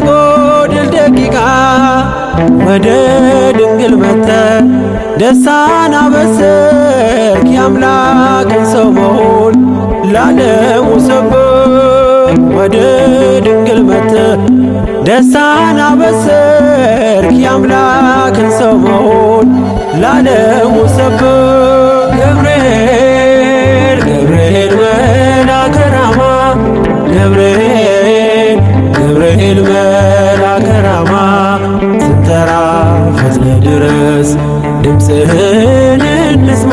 ሳይጎድል ደቂቃ ወደ ድንግል መተ ደስታን አበሰርክ የአምላክን ሰው መሆን ላለሙ ሰብእ ወደ ድንግል መተ ደስታን አበሰርክ የአምላክን ሰው መሆን ላለሙ ሰብእ ገብርኤል ገብርኤል ገብርኤል መልአከ ራማ ስንጠራ ፈጥነ ድረስ ድምፅህን እንስማ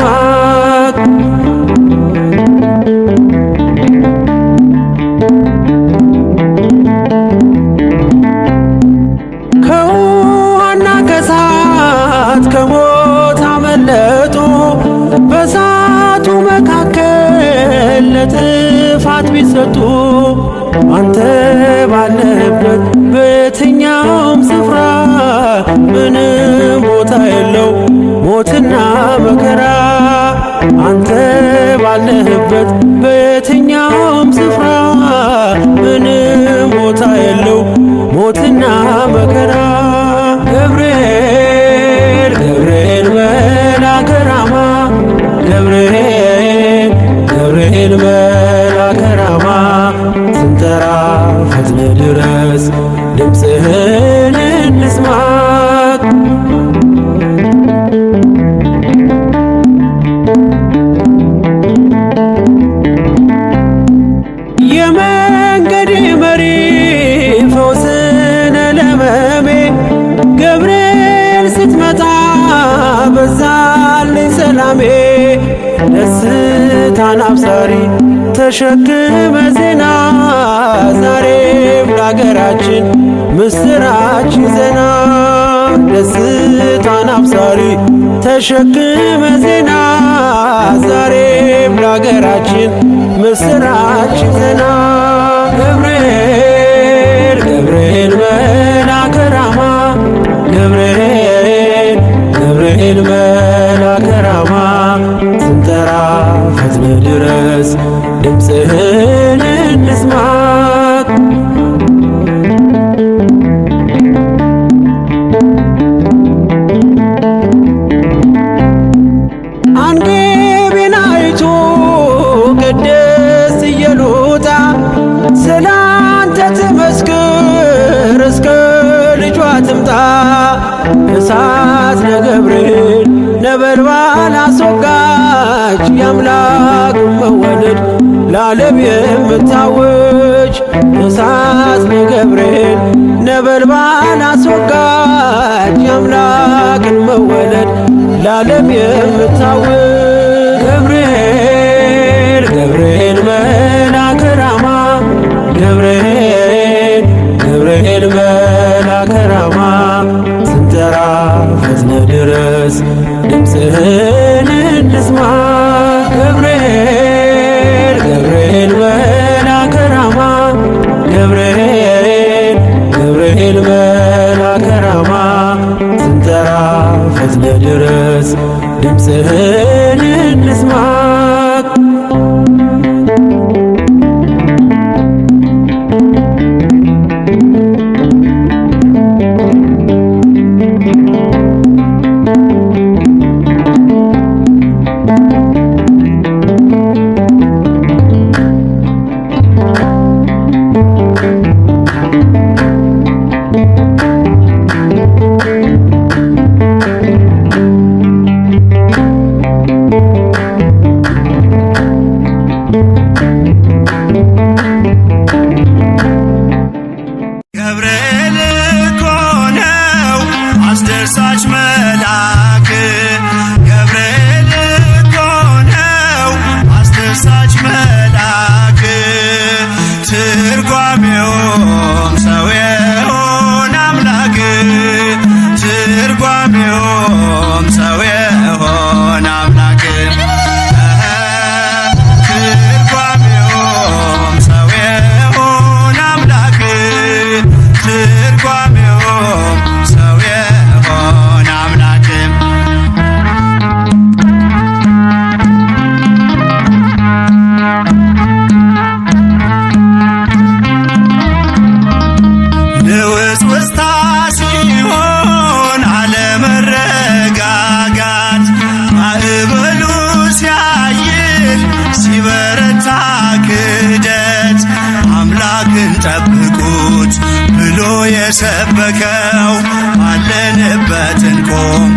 ከውሃና ከእሳት ከሞት አመለጡ በእሳቱ መካከል ለጥፋት ቢሰጡ አንተ ባለበት በየትኛውም ስፍራ ምንም ቦታ የለው ሞትና መከራ አንተ ባለህበት በየትኛውም ስፍራ ምንም ቦታ የለው ሞትና መከራ ገብርኤል ገብርኤል መልአከ ራማ ገብርኤል ገብርኤል ድረስ ድምፅህን እንስማ የተሸክመ ዜና ዛሬም ለአገራችን ምስራች ዜና ደስታን አብሳሪ ተሸክመ ዜና ዛሬም ለአገራችን ምስራች ዜና ገብርኤል ገብርኤል መልአከ ራማ ገብርኤል ገብርኤል መልአከ ራማ ስንጠራ ፈጥነ ድረስ ድምፅህን እንስማ የአምላክን መወለድ ለዓለም የምታውቅ ገብርኤል ገብርኤል መልአከ ራማ ገብርኤል ገብርኤል ራማ ስንጠራ ድረስ ድምፅህን እንስማ ገብርኤል ገብርኤል ራማ ገብርኤል ገብርኤል ልድረስ ድምፅህ የሰበከው አለንበትን ቆም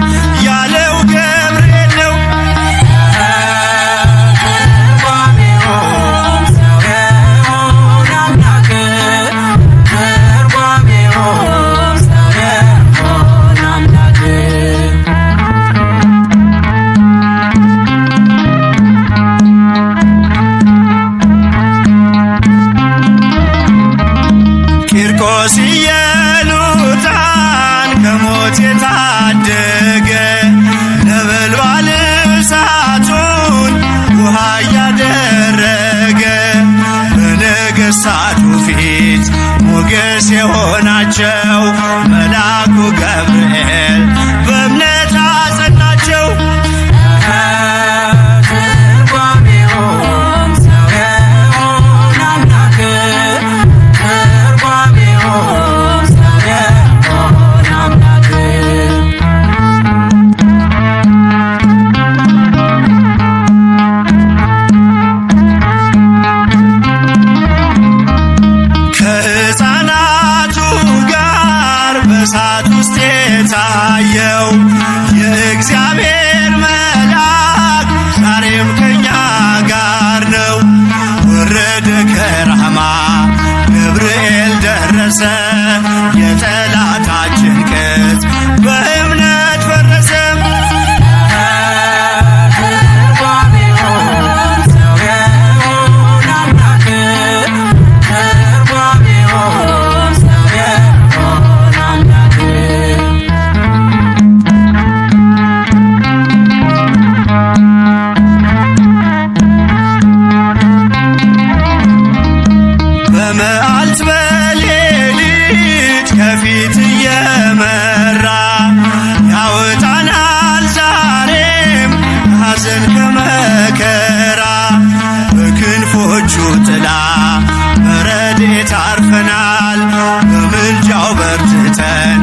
በምልጃው በርትተን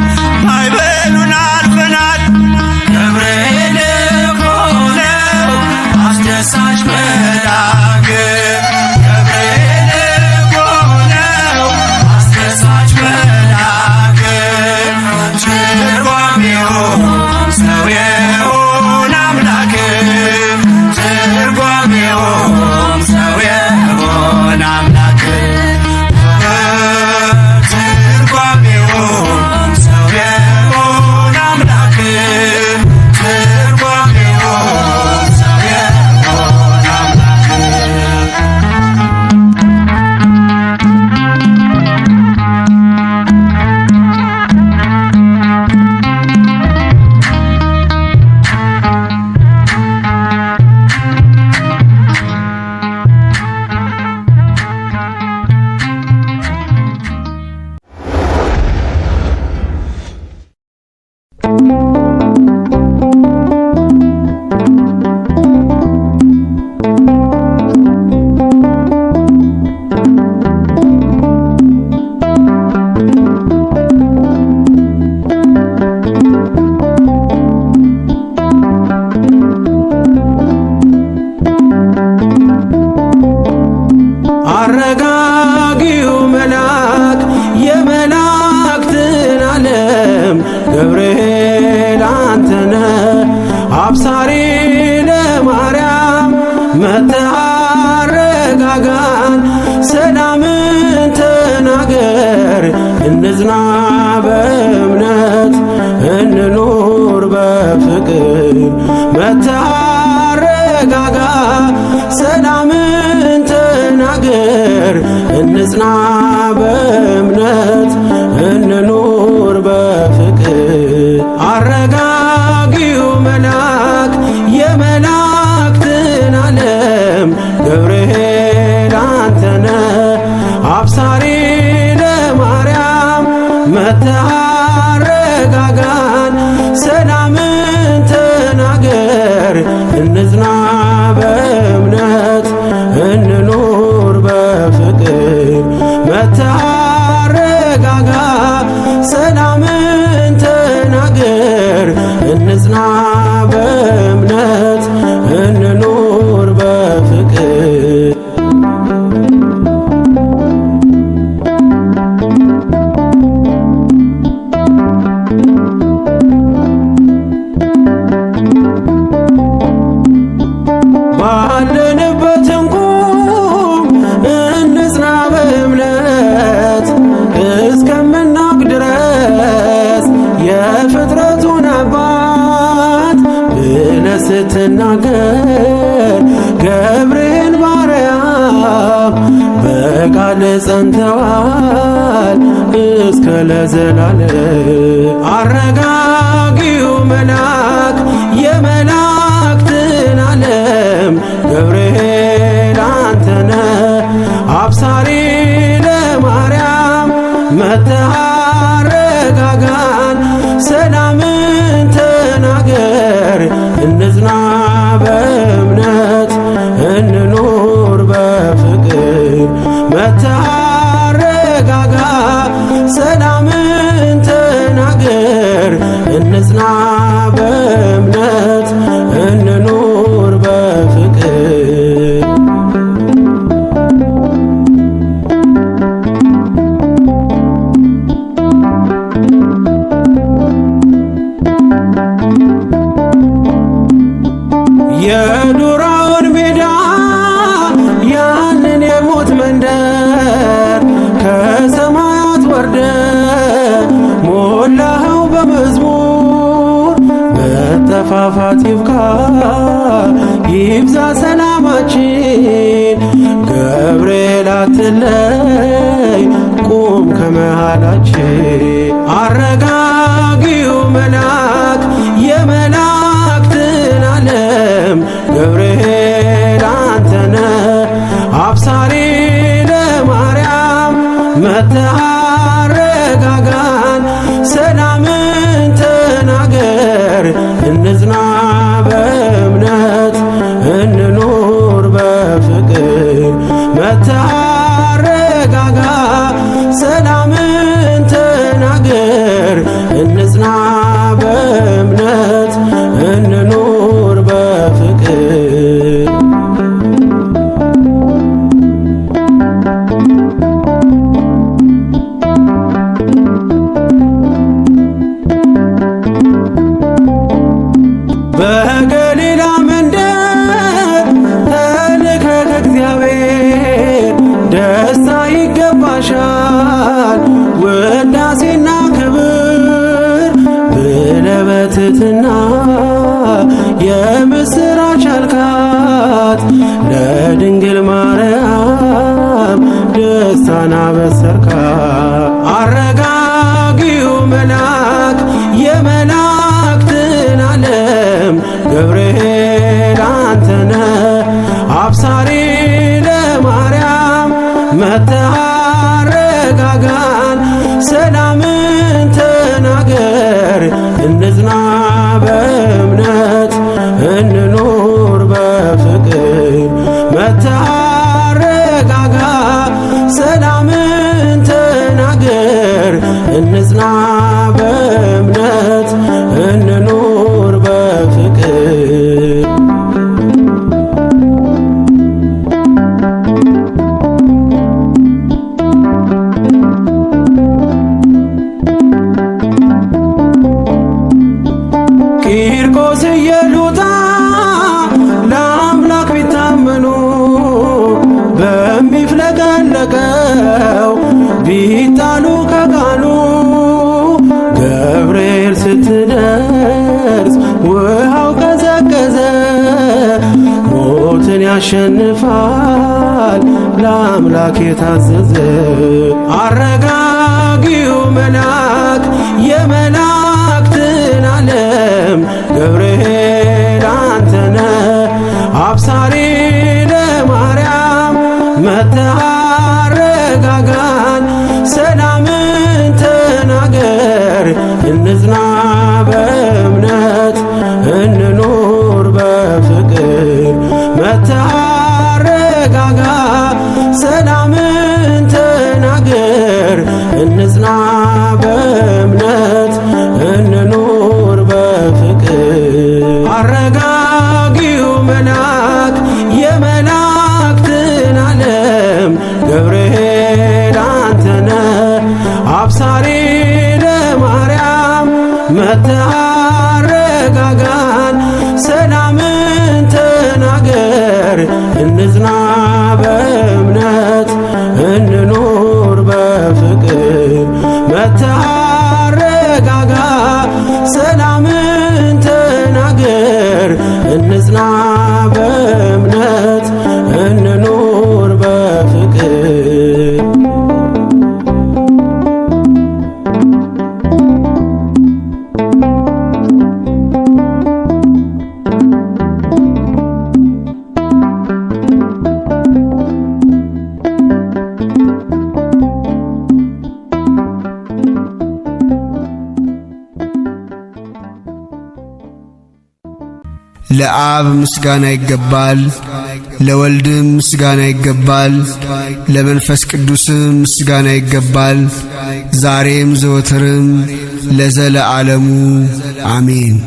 መተረጋጋን ሰላምን ተናገር እንዝና በእምነት እንኑር በፍቅር መተረጋጋ ሰላምን ተናገር እንጽና በእምነት እንኑር አሳሪ ለማርያም መተሃረጋጋን ሰላምን ተናገር እንዝና በእምነት እንኑር በፍቅር መተሃ ጸለይ ቁም ከመሃላችን አረጋጊው መልአክ የመላእክትን ዓለም ገብርኤል አንተነ አብሳሪ ለማርያም መተሃ ሰላም የምስራች አልካት ለድንግል ማርያም ደስታን በሰርካ አረጋጊው መልአክ የመላእክትን ዓለም ገብርኤል አንተነ አብሳሪ ለማርያም መታረጋጋን ሰላምን ተናገር እንዝና ያደረገው ቢጣሉ ከቃሉ ገብርኤል ስትደርስ ውሃው ቀዘቀዘ። ሞትን ያሸንፋል ለአምላክ የታዘዘ አረጋጊው መልአክ የመላእክትን ዓለም ገብርኤል አንተነ አብሳሪ ለማርያም መታ አረጋጋን፣ ሰላምን ተናገር። እንጽና በእምነት እንኑር በፍቅር መታረጋጋ ሰላምን ተናገር። እንጽና በእምነት አብሳሪ ለማርያም መታረጋጋን ሰላምን ተናገር እንጽና በእምነት እንኖር በፍቅር መታረጋጋ ሰላምን ተናገር እንጽና በእምነት ለአብ ምስጋና ይገባል፣ ለወልድም ምስጋና ይገባል፣ ለመንፈስ ቅዱስም ምስጋና ይገባል፣ ዛሬም ዘወትርም ለዘለዓለሙ አሜን።